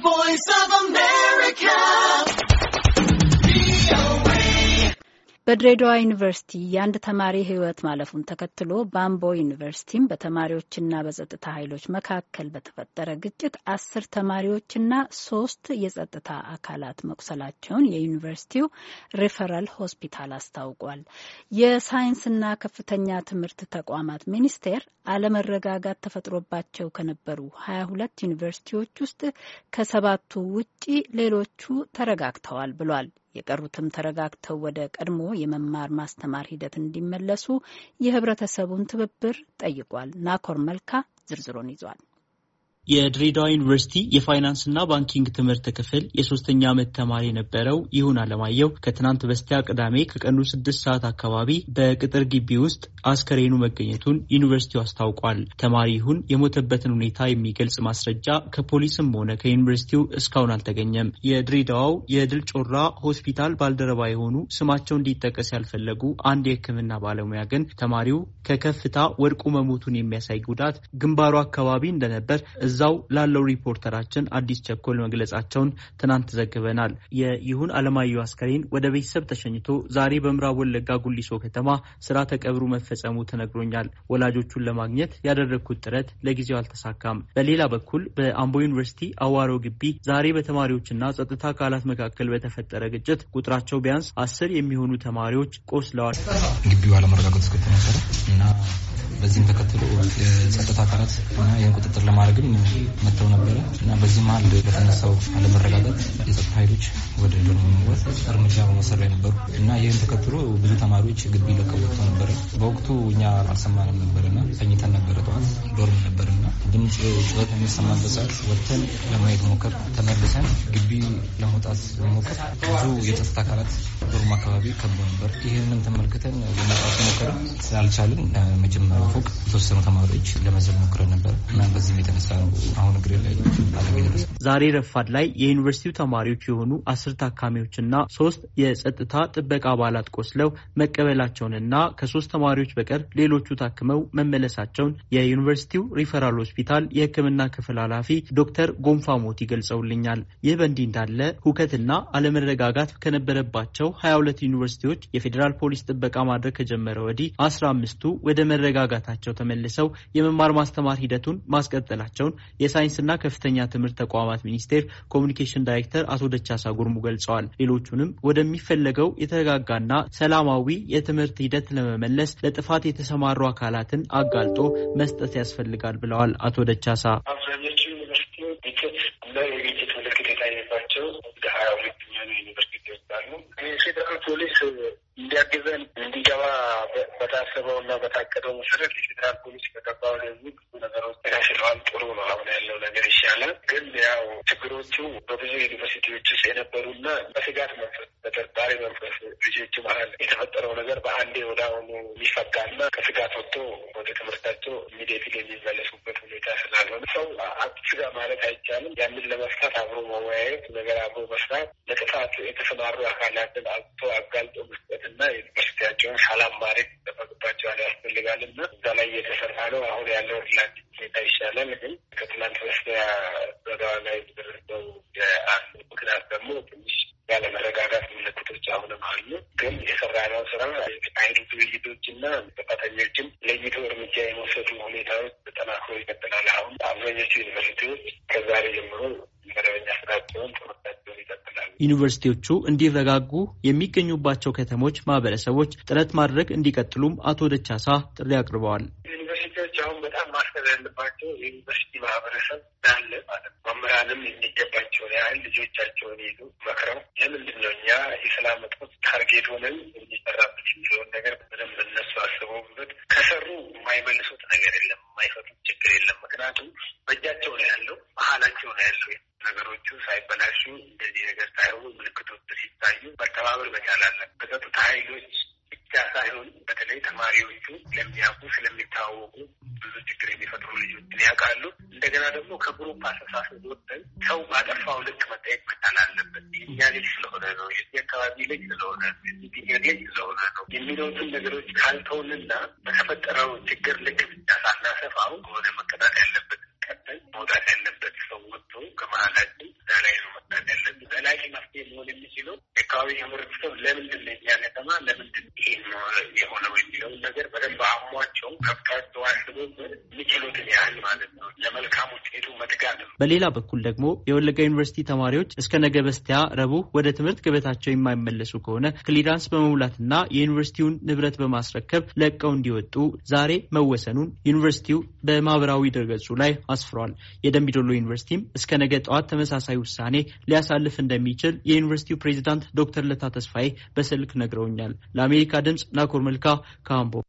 The Voice of a man. በድሬዳዋ ዩኒቨርሲቲ የአንድ ተማሪ ሕይወት ማለፉን ተከትሎ ባምቦ ዩኒቨርሲቲም በተማሪዎችና በጸጥታ ኃይሎች መካከል በተፈጠረ ግጭት አስር ተማሪዎችና ሶስት የጸጥታ አካላት መቁሰላቸውን የዩኒቨርሲቲው ሪፈራል ሆስፒታል አስታውቋል። የሳይንስና ከፍተኛ ትምህርት ተቋማት ሚኒስቴር አለመረጋጋት ተፈጥሮባቸው ከነበሩ ሀያ ሁለት ዩኒቨርሲቲዎች ውስጥ ከሰባቱ ውጪ ሌሎቹ ተረጋግተዋል ብሏል። የቀሩትም ተረጋግተው ወደ ቀድሞ የመማር ማስተማር ሂደት እንዲመለሱ የህብረተሰቡን ትብብር ጠይቋል። ናኮር መልካ ዝርዝሩን ይዟል። የድሬዳዋ ዩኒቨርሲቲ የፋይናንስና ባንኪንግ ትምህርት ክፍል የሶስተኛ ዓመት ተማሪ የነበረው ይሁን አለማየሁ ከትናንት በስቲያ ቅዳሜ ከቀኑ ስድስት ሰዓት አካባቢ በቅጥር ግቢ ውስጥ አስከሬኑ መገኘቱን ዩኒቨርሲቲው አስታውቋል። ተማሪ ይሁን የሞተበትን ሁኔታ የሚገልጽ ማስረጃ ከፖሊስም ሆነ ከዩኒቨርሲቲው እስካሁን አልተገኘም። የድሬዳዋው የድል ጮራ ሆስፒታል ባልደረባ የሆኑ ስማቸው እንዲጠቀስ ያልፈለጉ አንድ የሕክምና ባለሙያ ግን ተማሪው ከከፍታ ወድቆ መሞቱን የሚያሳይ ጉዳት ግንባሩ አካባቢ እንደነበር እዛው ላለው ሪፖርተራችን አዲስ ቸኮል መግለጻቸውን ትናንት ዘግበናል። የይሁን አለማየሁ አስከሬን ወደ ቤተሰብ ተሸኝቶ ዛሬ በምዕራብ ወለጋ ጉሊሶ ከተማ ስራ ተቀብሩ መፈጸሙ ተነግሮኛል። ወላጆቹን ለማግኘት ያደረግኩት ጥረት ለጊዜው አልተሳካም። በሌላ በኩል በአምቦ ዩኒቨርሲቲ አዋሮ ግቢ ዛሬ በተማሪዎችና ጸጥታ አካላት መካከል በተፈጠረ ግጭት ቁጥራቸው ቢያንስ አስር የሚሆኑ ተማሪዎች ቆስለዋል። ግቢው አለመረጋገጥ እስከተነሰረ እና በዚህም ተከትሎ የጸጥታ አካላት እና ይህን ቁጥጥር ለማድረግም መጥተው ነበረ እና በዚህ መሀል በተነሳው አለመረጋጋት የጸጥታ ኃይሎች ወደ ደንወት እርምጃ በመውሰድ ላይ ነበሩ እና ይህን ተከትሎ ብዙ ተማሪዎች ግቢ ለቀው ወጥተው ነበረ። በወቅቱ እኛ አልሰማንም ነበር ነበርና ተኝተን ነበረ። ጠዋት ዶርም ነበር ነበርና ድምፅ ጩኸት የሚሰማበት ሰዓት ወጥተን ለማየት ሞከር፣ ተመልሰን ግቢ ለመውጣት ሞከር። ብዙ የጸጥታ አካላት ዶርም አካባቢ ከቦ ነበር። ይህንም ተመልክተን ለመውጣት ሞከርን። ስላልቻልን መጀመሪያ ፎቅ የተወሰኑ ተማሪዎች ለመዘል ሞክረን ነበር እና በዚህም የተነሳ ነው አሁን እግሬ ላይ ዛሬ ረፋድ ላይ የዩኒቨርሲቲው ተማሪዎች የሆኑ አስር ታካሚዎችና ሶስት የጸጥታ ጥበቃ አባላት ቆስለው መቀበላቸውንና ከሶስት ተማሪዎች በቀር ሌሎቹ ታክመው መመለሳቸውን የዩኒቨርሲቲው ሪፈራል ሆስፒታል የሕክምና ክፍል ኃላፊ ዶክተር ጎንፋ ሞቲ ገልጸውልኛል። ይህ በእንዲህ እንዳለ ሁከትና አለመረጋጋት ከነበረባቸው ሀያ ሁለት ዩኒቨርሲቲዎች የፌዴራል ፖሊስ ጥበቃ ማድረግ ከጀመረ ወዲህ አስራ አምስቱ ወደ መረጋጋታቸው ተመልሰው የመማር ማስተማር ሂደቱን ማስቀጠላቸውን የሳይንስና ከፍተኛ ትምህርት ተቋማት ሚኒስቴር ኮሚኒኬሽን ዳይሬክተር አቶ ደቻሳ ጉርሙ ገልጸዋል። ሌሎቹንም ወደሚፈለገው የተረጋጋና ሰላማዊ የትምህርት ሂደት ለመመለስ ለጥፋት የተሰማሩ አካላትን አጋልጦ መስጠት ያስፈልጋል ብለዋል አቶ ደቻሳ። አብዛኞቹ ግጭት እና የግጭት በታቀደው መሰረት የፌዴራል ፖሊስ በገባው ለህዝብ ተፈጥረዋል። ጥሩ ነው። አሁን ያለው ነገር ይሻላል። ግን ያው ችግሮቹ በብዙ ዩኒቨርሲቲዎች ውስጥ የነበሩና በስጋት መንፈስ፣ በጠርጣሪ መንፈስ ልጆች መሀል የተፈጠረው ነገር በአንዴ ወደ አሁኑ የሚፈጋና ከስጋት ወጥቶ ወደ ትምህርታቸው ኢሚዲየትሊ የሚመለሱበት ሁኔታ ስላልሆነ ሰው ስጋ ማለት አይቻልም። ያንን ለመፍታት አብሮ መወያየት ነገር አብሮ መስራት ለጥፋት የተሰማሩ አካላትን አብቶ አጋልጦ መስጠት ዩኒቨርሲቲያቸውን ሰላም ማድረግ ይጠበቅባቸዋል ያስፈልጋል እዛ ላይ እየተሰራ ነው አሁን ያለው ሪላንድ ሁኔታ ይሻላል። ግን ከትናንት በስቲያ በጋዋ ላይ ደረሰው የአንዱ ምክንያት ደግሞ ትንሽ ያለመረጋጋት ምልክቶች አሁንም አሉ። ግን የሰራነው ስራ አይነት ውይይቶችና እና ጥፋተኞችን ለይቶ እርምጃ የመውሰዱ ሁኔታዎች ተጠናክሮ ይቀጥላል። አሁን አብዛኞቹ ዩኒቨርሲቲዎች ከዛሬ ጀምሮ መደበኛ ስራቸውን ትምህርታቸውን ይቀጥላሉ። ዩኒቨርሲቲዎቹ እንዲረጋጉ የሚገኙባቸው ከተሞች ማህበረሰቦች ጥረት ማድረግ እንዲቀጥሉም አቶ ደቻሳ ጥሪ አቅርበዋል። ዩኒቨርሲቲዎች አሁን በጣም ያለባቸው የዩኒቨርሲቲ ማህበረሰብ ዳለ ማለት መምህራንም የሚገባቸውን ያህል ልጆቻቸውን ሄዱ መክረው ለምንድን ነው እኛ የሰላም እጦት ታርጌት ሆነን የሚሰራበት የሚለውን ነገር በደንብ እነሱ አስበውበት ከሰሩ የማይመልሱት ነገር የለም፣ የማይፈቱት ችግር የለም። ምክንያቱም በእጃቸው ነው ያለው፣ መሀላቸው ነው ያለው። ነገሮቹ ሳይበላሹ እንደዚህ ነገር ሳይሆኑ ምልክቶች ሲታዩ መተባበር መቻላለን። አለ በጸጥታ ኃይሎች ብቻ ሳይሆን በተለይ ተማሪዎቹ ለሚያውቁ ስለሚታወቁ ብዙ ችግር የሚፈጥሩ ልጆችን ያውቃሉ። እንደገና ደግሞ ከግሩፕ አስተሳሰብ ወጥተን ሰው ባጠፋው ልክ መጠየቅ መጣል አለበት። የኛ ልጅ ስለሆነ ነው፣ የዚህ አካባቢ ልጅ ስለሆነ ነው፣ ልጅ ስለሆነ ነው የሚለውትን ነገሮች ካልተውንና በተፈጠረው ችግር ልክ ብቻ ሳናሰፋው ከሆነ መቀጣት ያለበት ቀጠል መውጣት ያለበት ሰው ወጥቶ ከመሀላችን እዛ ላይ ነው ላይ መፍትሄ ሊሆን የሚችለው አካባቢ ህብረተሰብ ለምንድን ነው የሚያገጠማ ለምንድን ይሄ የሆነው የሚለውን ነገር በደንብ አሟቸው ከብታት የሚችሉትን ያህል ማለት ነው ለመልካም ውጤቱ መትጋት ነው። በሌላ በኩል ደግሞ የወለጋ ዩኒቨርሲቲ ተማሪዎች እስከ ነገ በስቲያ ረቡዕ ወደ ትምህርት ገበታቸው የማይመለሱ ከሆነ ክሊራንስ በመሙላትና የዩኒቨርሲቲውን ንብረት በማስረከብ ለቀው እንዲወጡ ዛሬ መወሰኑን ዩኒቨርሲቲው በማህበራዊ ድረገጹ ላይ አስፍሯል። የደምቢዶሎ ዩኒቨርሲቲም እስከ ነገ ጠዋት ተመሳሳይ ውሳኔ ሊያሳልፍ እንደሚችል የዩኒቨርሲቲው ፕሬዚዳንት ዶክተር ለታ ተስፋዬ በስልክ ነግረውኛል። ለአሜሪካ ድምፅ ናኮር መልካ ካምቦ